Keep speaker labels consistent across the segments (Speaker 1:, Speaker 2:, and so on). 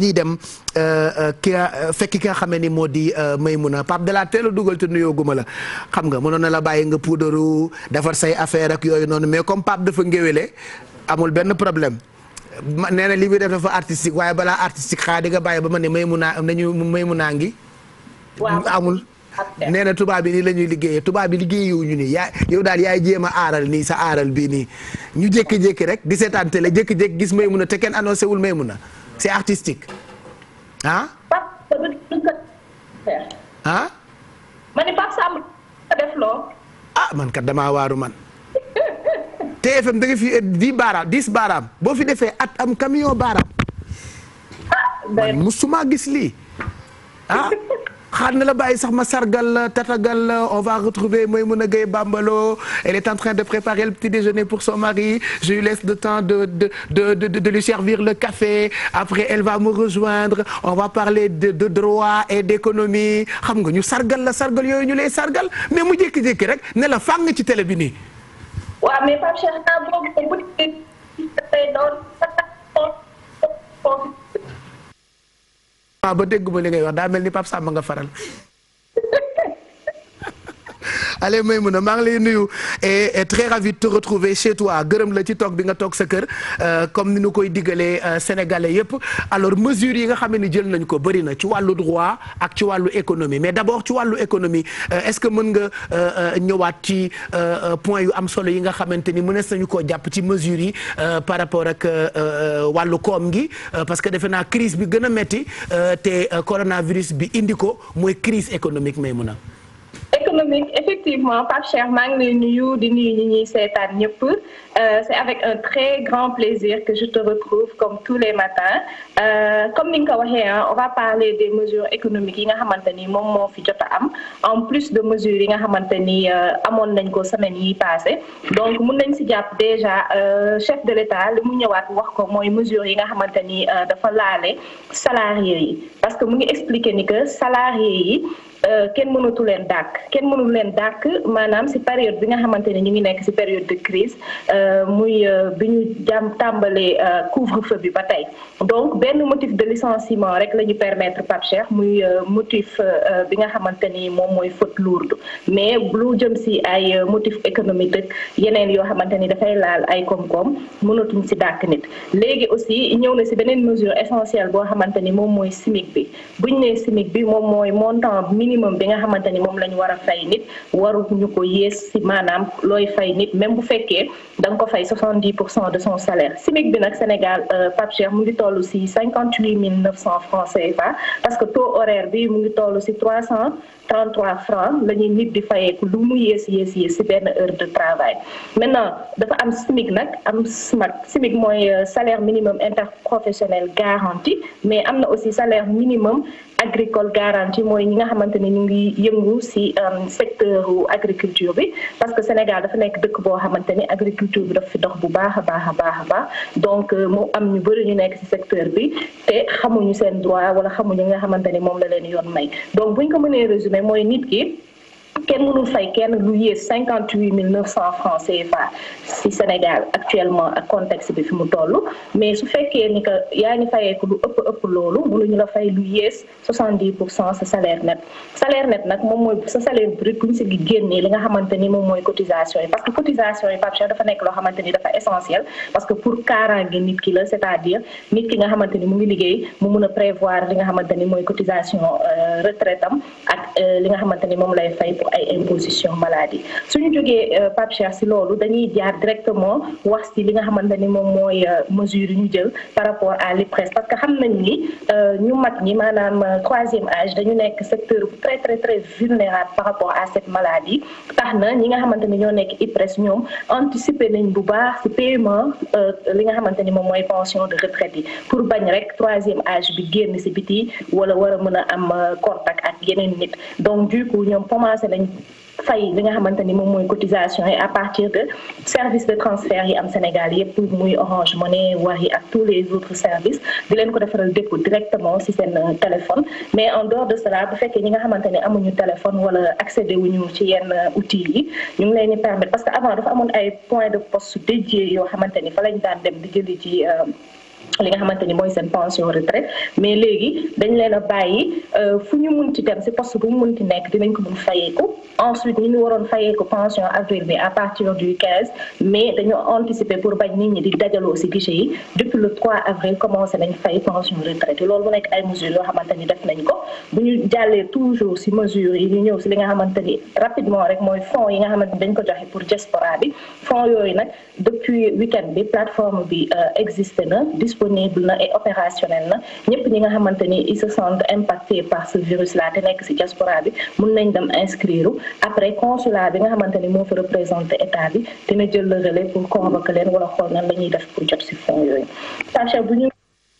Speaker 1: ñuy dem euh, euh, ki nga euh, fekk ki nga xam ni moo di Maymuna Pape de la teel a dugal te nuyoo guma la xam nga mënoon na la bàyyi nga puudaru defar say affaire ak yooyu noonu mais comme Pape dafa ngéwéle amul benn problème. nee na li muy def dafa artistique waaye balaa artistique xaa di nga bàyyi ba ma ne Maymuna am nañu Maymuna ngi. amul. nee na tubaab bi nii la ñuy liggéeyee tubaab bi liggéeyewuñu nii yaa yow daal yaay jéem a aaral nii sa aaral bii nii ñu jékki-jékki rek di seetaan télé jékki-jékki gis Maymuna te kenn annoncé wul Maymuna c'est artistique ah. ah. man kat damaa waaru man. TFM da nga fi eh, di baaraam dix baaraam boo fi defee at am camion baaraam. Ah, man musuma gis lii ah. xaar na la bàyyi sax ma sargal la tatagal la on va retrouver Maïmouna Gaye Bambalo elle est en train de préparer le petit déjeuner pour son mari je lui laisse le temps de de de lui servir le café après elle va me rejoindre on va parler de droit et d'économie xam nga ñu sargal la sargal yooyu ñu lay sargal mais mu jékki-jékki rek ne la fang ci télé bi nii. waaw ba dégg ba li ngay wax daa mel ni Pape Samba nga faral allez a maa ngi lay nuyu et très ravi de retrouver chez toi gërëm la ci toog bi nga toog sa kër euh, comme ni ñu koy digalee euh, sénégalais yëpp alors mesures yi nga xam ne jël nañ ko bëri na ci wàllu droit ak ci wàllu économie mais d'abord ci wàllu économie euh, est-ce que mën nga ñëwaat ci point yu am solo yi nga xamante ni mënees nañu ko jàpp ci mesures yi par rapport ak wàllu koom gi parce que defe naa crise bi gën a metti te coronavirus bi indi ko mooy crise économique Maymouna
Speaker 2: chronique effectivement Pape Cheikh maa ngi lay di nuyu ñi ñuy seetaan ñëpp euh, c'est avec un très grand plaisir que je te retrouve comme tous les matins euh, comme ni nga ko waxee on va parler des mesures économiques yi nga xamante ni moom moo fi jot am en plus de mesures yi nga xamante ni euh, amoon nañ ko semaine yi passé donc mun nañ si jàpp déjà euh, chef de l'État li mu ñëwaat wax ko mooy mesures yi nga xamante ni dafa laale salariés yi parce que mu ngi expliquer ni que salariés yi Euh, kenn mënatu leen dàkk kenn mënul leen dàkk maanaam si période bi nga xamante ne ñu ngi nekk si période de crise euh, muy euh, bi ñu jàmm tàmbalee couvre-feu bi ba tey donc benn motif de licenciement rek la ñu permettre Pape Cheikh muy motif bi nga xamante ni moom mooy faute lourde mais lu jëm si ay motif économique rek yeneen yoo xamante ni dafay laal ay koom-koom mënatuñ si dàkk nit léegi aussi ñëw na si beneen mesure essentielle boo xamante ni moom mooy SMIC bi buñ minimum bi nga xamante ni moom la ñu a fay nit waruñu ko yées si maanaam looy fay nit même bu fekkee da ko fay 70 pour cent de son salaire SMIC bi nag Sénégal euh, Pape mu ngi toll si 58 900 francs CFA parce que taux horaire bi mu ngi toll si 300. 33 francs la ñuy nit di fayeeku lu mu yées yées yées si benn heure de travail maintenant dafa am SMIC nag am SMAC SMIC mooy euh, salaire minimum interprofessionnel garanti mais am na aussi salaire minimum agricole garanti mooy ñi nga xamante ni ñu ngi yëngu si euh, secteur agriculture bi parce que Sénégal dafa nekk dëkk boo xamante ni agriculture bi dafa fi dox bu baax a baax a baax a baax donc euh, mu am ñu bëri ñu nekk si secteur bi te xamuñu seen droit wala xamuñu nga xamante ni moom la leen yoon may donc buñ ko mënee résumé mooy nit ki kenn mënul fay kenn lu yées cinquante huit mille neuf cent francs CFA si Sénégal actuellement ak context bi fi mu toll mais su fekkee ni que yaa ngi fayeeku lu ëpp ëpp loolu mënuñu la fay lu yées soixante dix pour cent sa salaire net salaire net nag moom mooy sa salaire brut bu ñu si génnee li nga xamante ni moom mooy cotisation yi parce que cotisation yi Pape Cheikh dafa nekk loo xamante ni dafa essentiel parce que pour kaaraange nit ki la c'est-à-dire nga xamante ni mu ngi liggéey mu mun a prévoir li nga xamante ni mooy cotisation euh, retraite am ak euh, li nga xamante ni moom lay fay ay imposition maladie suñu jógee euh, Pape Cheikh si loolu dañuy jaar directement wax si li nga xamante ni moom mooy euh, mesure yi ñu jël par rapport à l'IPRES parce que xam nañ ni euh, ñu mat ñi maanaam troisième âge dañu nekk secteur bu très très très vulnérable par rapport à cette maladie tax na ñi nga xamante ni ñoo nekk IPRES ñoom anticiper nañ bu baax si paiement li nga xamante ni moom mooy pension de retraite yi pour bañ rek troisième âge bi génn si biti wala war mën a am contact ak yeneen nit donc nañ fay li nga xamante ni moom mooy cotisation yi à partir de service de transfert yi am Sénégal yëpp muy Orange Money Wari ak tous les autres services di leen ko defaral dépôt directement si seen euh, téléphone mais en dehors de cela bu fekkee ñi nga xamante ne amuñu téléphone wala accédé wuñu ci yenn euh, outils yi ñu ngi leen di permettre parce que avant dafa amoon ay points de poste dédiés yoo xamante ni fa lañ daan dem di li ci euh, li nga xamante ni mooy seen pension retraite mais léegi dañ leen a bàyyi euh, fu ñu munti dem si poste bu mu munti nekk dinañ ko fayeeku ensuite ñu ngi waroon def nañ ko bu ñu jàllee toujours si mesures yi ñu ñëw si li nga xamante rapidement rek mooy fonds yi nga xamante dañ ko joxe pour diaspora bi fonds yooyu nag depuis week bi plateforme bi euh, existé na disponible na et opérationnel na ñëpp ñi nga xamante ni ils se par ce virus là te nekk ci diaspora bi mun nañ dem inscrire après consulat bi nga xamante ni moo fa représenté état bi dina jël le pour convoquer leen wala xool nan la ñuy def pour jot ci fonds yooyu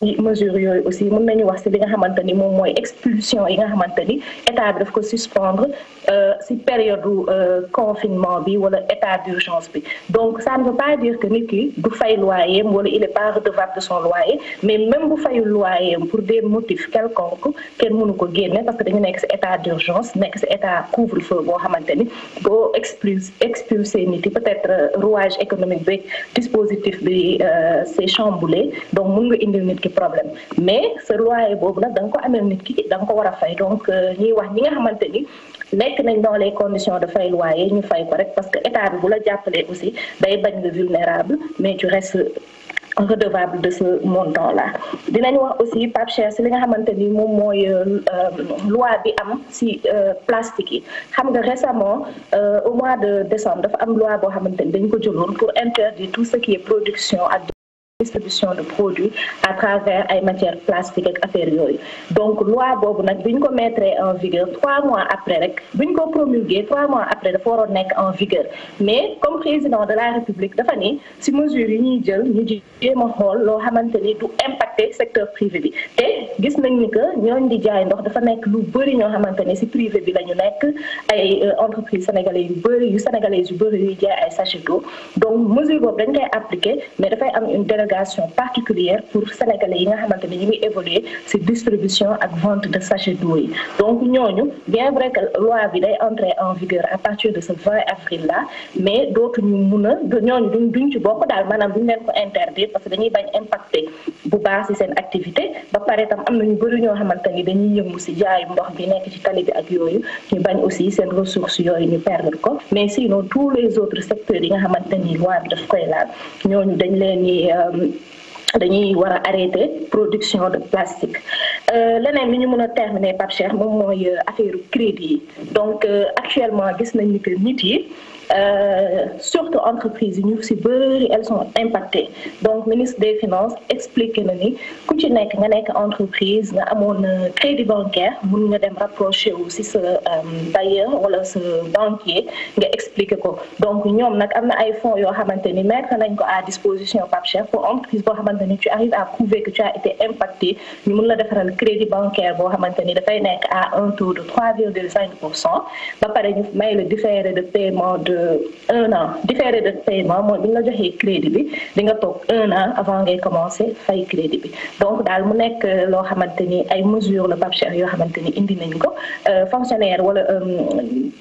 Speaker 2: ci yooyu aussi mën nañu wax ci li nga xamante ni moom mooy expulsion yi nga xamante ni état bi daf ko suspendre euh, ci période euh, confinement bi wala état d'urgence bi donc ça ne veut que nit ki du fay loyer wala il est pas redevable de son loyer mais même bu fayul loyer pour des motifs quelconques kenn mënu ko génne parce que dañu nekk ci état d'urgence nekk ci état couvre-feu boo xamante ni boo expulse expulsé nit yi peut-être euh, rouage économique bi dispositif bi c'est chamboulé donc mën nga indil nit ci problème mais sa loyer boobu nag da nga ko ameel nit ki da nga ko war a fay donc euh, ñuy wax ñi nga xamante ni nekk nañ dans les conditions de fay loyer ñu fay ko rek parce que état bu la jàppalee aussi day bañ nga vulnérable mais tu restes redevable de ce montant là dinañ wax aussi Pape Cheikh si li nga xamante ni moom mooy euh, euh, loi bi am si plastique yi xam nga récemment au mois de décembre dafa am loi boo xamante dañ ko jëloon pour interdire tout ce qui est distribution de produits à travers ay matières plastiques ak affaire yooyu donc loi boobu nag bi ñu ko mettre en vigueur trois mois après rek bi ñu ko promulguer trois mois après dafa waroon nekk en vigueur mais comme président de la république dafa ni si mesures yi ñuy jël ñu jéem a xool loo xamante ni du impacter secteur privé bi te gis nañ ni que ñooñ di jaay ndox dafa nekk lu bëri ñoo xamante ni si privé bi la nekk ay euh, entreprise sénégalais yu bëri yu sénégalais yu bëri yuy jaay ay sachet d'eau donc mesure dérogation particulière pour sénégalais yi nga xamante ne ñu évoluer ci distribution ak vente de sachet d'eau yi donc ñooñu bien vrai que loi bi day entrer en vigueur à partir de ce 20 avril là mais dootuñu mun a ñooñu duñ duñ ci bokk daal maanaam duñ leen ko interdire parce que dañuy bañ impacter bu baax ci seen activité ba pare tam am na ñu bëri ñoo xamante ni dañuy yëngu ci jaay ndox bi nekk ci tali ak yooyu ñu bañ aussi seen ressources yooyu ñu perdre ko mais sinon yi nga xamante ni loi bi daf dañuy war a arrêter production de plastique euh, leneen li ñu mën a terminer Pape Cheikh moom mooy euh, affaire crédit yi donc euh, actuellement gis nañu que nit yi. Euh, surtout entreprise yi ñu si bëri elles sont impactées donc ministre des finances expliqué na ni ku ci nekk nga nekk entreprise nga amoon euh, crédit bancaire mun nga dem rapproché wu si sa euh, bailleur wala sa banquier nga expliqué ko donc ñoom nag am na ay fonds yoo xamante ni mettre nañ ko à disposition Pape Cheikh pour entreprise boo xamante ni tu arrives à prouver que tu as été impacté ñu mun la defaral crédit bancaire boo xamante ni dafay nekk à un taux de 3,5 pour ba pare Euh, un an différé de paiement mooy bu ñu la joxee crédit bi di nga toog un an avant ngay commencé fay crédit bi donc daal mu nekk euh, loo xamante ni ay mesures la Pape Cheikh yoo xamante ni indi nañ ko euh, fonctionnaire wala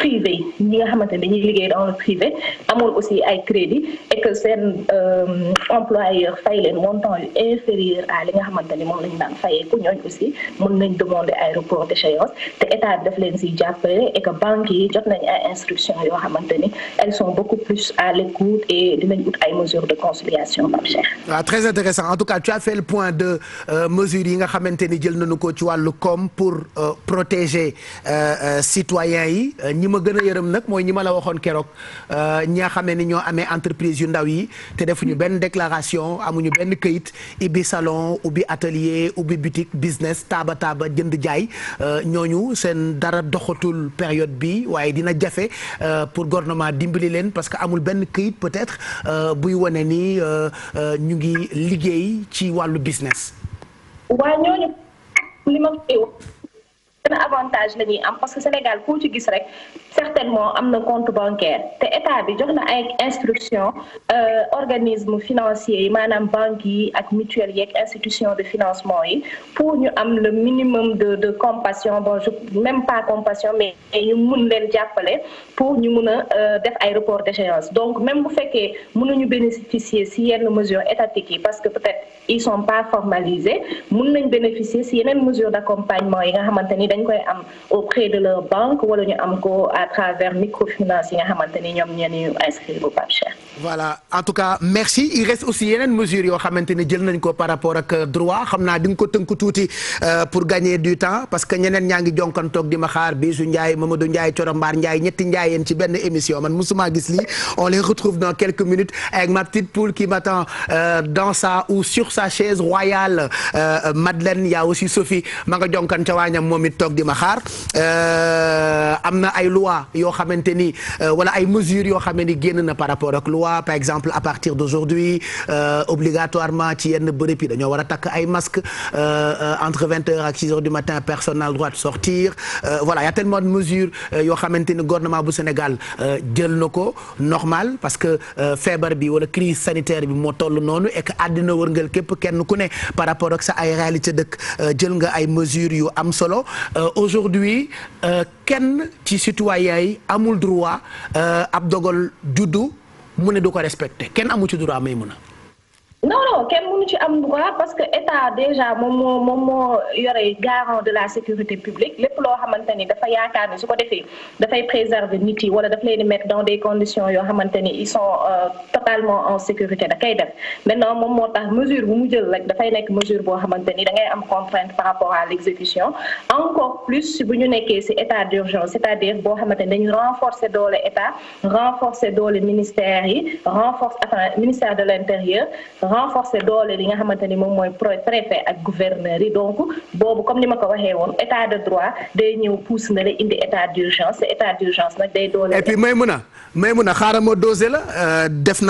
Speaker 2: privé ñi nga xamante ni dañuy liggéey dans le privé amul aussi ay crédit et que seen yoo fay leen montant yu inférieur à li nga xamante ni moom lañu daan fayee ku ñooñ aussi mën nañ demander ay report d'échéance te état def leen si jàppale et que banque yi jot nañ
Speaker 1: ay instruction yoo xamante ni elles sont beaucoup plus à l'écoute et dinañ ut ay mesures de conciliation Pape ah, très intéressant en tout cas tu as fait le point de euh, mesures yi nga xamante ni jël nañu ko ci wàllu koom pour euh, protéger euh, citoyens yi ñi ma gën a yërëm nag mooy ñi ma la waxoon keroog ñi nga xam ne ni ñoo amee entreprise yu ndaw yi te defuñu benn déclaration amuñu benn këyit ubbi salon ubbi atelier ubbi boutique business taaba taaba jënd jaay ñooñu seen dara doxatul période bi waaye dimbali leen parce que amul benn kayit peut-être euh, buy wane ni euh, euh, ñu ngi liggéey ci wàllu business.
Speaker 2: benn avantage la ñuy am parce que Sénégal koo ci gis rek certainement am na compte bancaire te état bi jox na ay instruction euh, organisme financier yi maanaam banque yi ak mutuelle yeeg institution de financement yi pour ñu am le minimum de de compassion bon je même pas compassion mais ñu mun leen jàppale pour ñu mun a euh, def ay report d'échéance donc même bu fekkee mënuñu bénéficier si yenn mesures étatiques yi parce que peut-être ils sont pas formalisés mun nañ bénéficier si yeneen mesures d'accompagnement yi nga xamante ni dañ koy am auprès de la banque wala ñu am ko à travers microfinance yi nga xamante ni ñoom ñoo ñu inscrire bu Pape
Speaker 1: voilà en tout cas merci il reste aussi yeneen mesures yoo xamante ni jël nañ ko par rapport ak droit xam naa di nga ko tënk tuuti euh, pour gagner du temps parce que ñeneen ñaa ngi jonkantoog di ma xaar Bijou Ndiaye Mamadou Ndiaye Coro Mbaar Ndiaye ñetti Ndiaye yéen ci benn émission man musuma gis lii on les retrouve dans quelques minutes avec ma petite poule qui m'attend euh, dans sa ou sur sa chaise royale euh, Madeleine y a aussi Sophie ma nga jonkan ca ñam moom it toog di ma xaar am na ay loi yoo xamante ni wala ay mesures yoo xam ne génn na par rapport ak loi loi par exemple à partir de d'aujourd'hui euh, obligatoirement ci yenn bërëb yi dañoo war a takk ay masque euh, euh, entre vingt heures ak six heures du matin personne n'a le droit sortir voilà il y a tellement de mesures yoo xamante ni gouvernement bu Sénégal jël na ko normal parce que feebar bi wala crise sanitaire bi moo toll noonu ek que àddina wërngal képp kenn ku ne par rapport ak sa ay réalité dëkk jël nga ay mesures yu am solo aujourd'hui kenn ci citoyen yi amul droit ab dogal juddu mu ne du ko respecté kenn amu ci droit may mun a.
Speaker 2: non non kenn mënu ci am droit parce que état déjà moom moo moom moo yore garant de la sécurité publique lépp loo xamante ni dafa yaakaar ni su ko defee dafay préserver nit yi wala dafa leen di mettre dans des conditions yoo xamante ni ils sont. Euh, totalement en sécurité da koy def maintenant moom moo tax mesure bu mu jël rek dafay nekk mesure boo xamante ni da ngay am contrainte par rapport à l'exécution encore plus bu ñu nekkee ci état d'urgence c'est-à-dire boo xamante dañu renforcer doole état renforcer doole ministère yi renforcer enfin ministère de l'intérieur renforcer doole li nga xamante ni moom mooy préfet ak gouverneur yi donc boobu comme ni ma ko waxee woon état de droit day ñëw pousse na la indi état d'urgence état d'urgence day
Speaker 1: doole et puis may mun a may mun na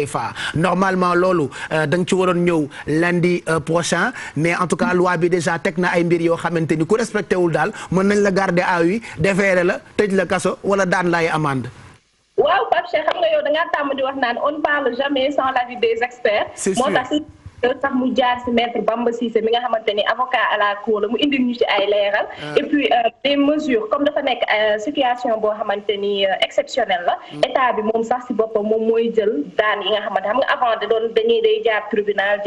Speaker 1: CFA normalement loolu euh, da nga ci waroon ñëw lundi euh, prochain mais en tout cas loi bi déjà teg na ay mbir yoo xamante ni ku respecté wul daal mën nañ la garder à vue déféré la tëj la kaso wala daan lay amende.
Speaker 2: waaw Pape xam nga yow da ngaa tàmm wax naan on parle jamais sans l'avis des experts. moo tax te sax mu jaar ci maître Bamba Cissé mi nga xamante ni avocat à la cour la mu indil ñu ci ay leeral. Ah. et puis euh, des mesures comme dafa nekk euh, situation boo xamante ni euh, exceptionnelle la. Mm. état bi moom sax ci moom mooy jël daan yi nga xam nga avant da doon dañuy day jaar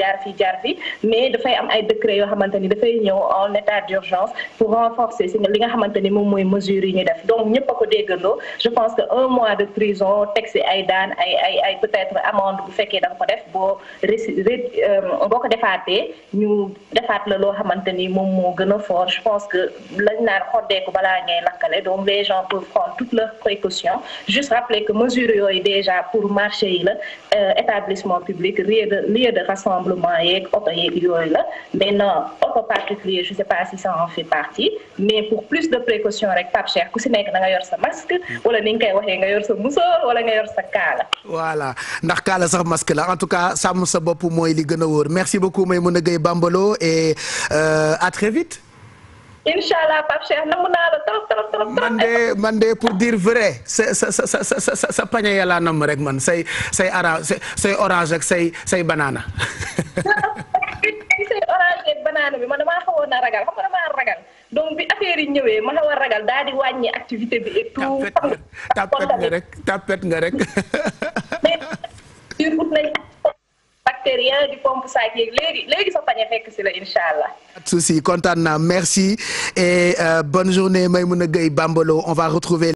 Speaker 2: jaar fii jaar fii mais dafay am ay décret yoo xamante ni dafay ñëw en état d'urgence pour renforcer ci li nga xamante ni moom mooy mesures yi ñu def donc ñëpp a ko déggandoo je pense que un mois de prison teg ci ay daan ay ay ay peut-être amende bu fekkee da ko def boo Euh, boo ko defaatee ñu defaat la loo xamante ni moom moo gën a fort je pense que lañ naan xoddeeku balaa ngay lakkale donc les gens peuvent toutes leurs précautions juste rappeler que mesures yooyu déjà pour marché yi la euh, établissement public lieu de lieu de rassemblement yeeg oto yeeg yooyu la maintenant oto particulier je sais pas si ça en fait partie mais pour plus de précaution rek Pape Cheikh ku si nekk da nga yor sa masque wala ni nga koy waxee nga yor sa musoor wala nga yor sa
Speaker 1: kaala a merci beaucoup Maimouna Gueye Bambalo et euh, à vite. incha allah Pape Cheikh namu naa la trop trop trop. man de pour dire vrai sa sa sa sa sa pañe rek man say orange say orange ak say say banana.
Speaker 2: say orange ak na ragal xam nga ragal donc bi affaire yi ñëwee ma a ragal daal di wàññi activité bi et tout.
Speaker 1: tapet nga rek tapet nga rek.
Speaker 2: bactérien di pompe saa yeeg léegi léegi sa pañe fekk si la incha allah.
Speaker 1: souci kontaan naa merci et euh, bonne journée Maïmouna Gueye Bambalo on va retrouver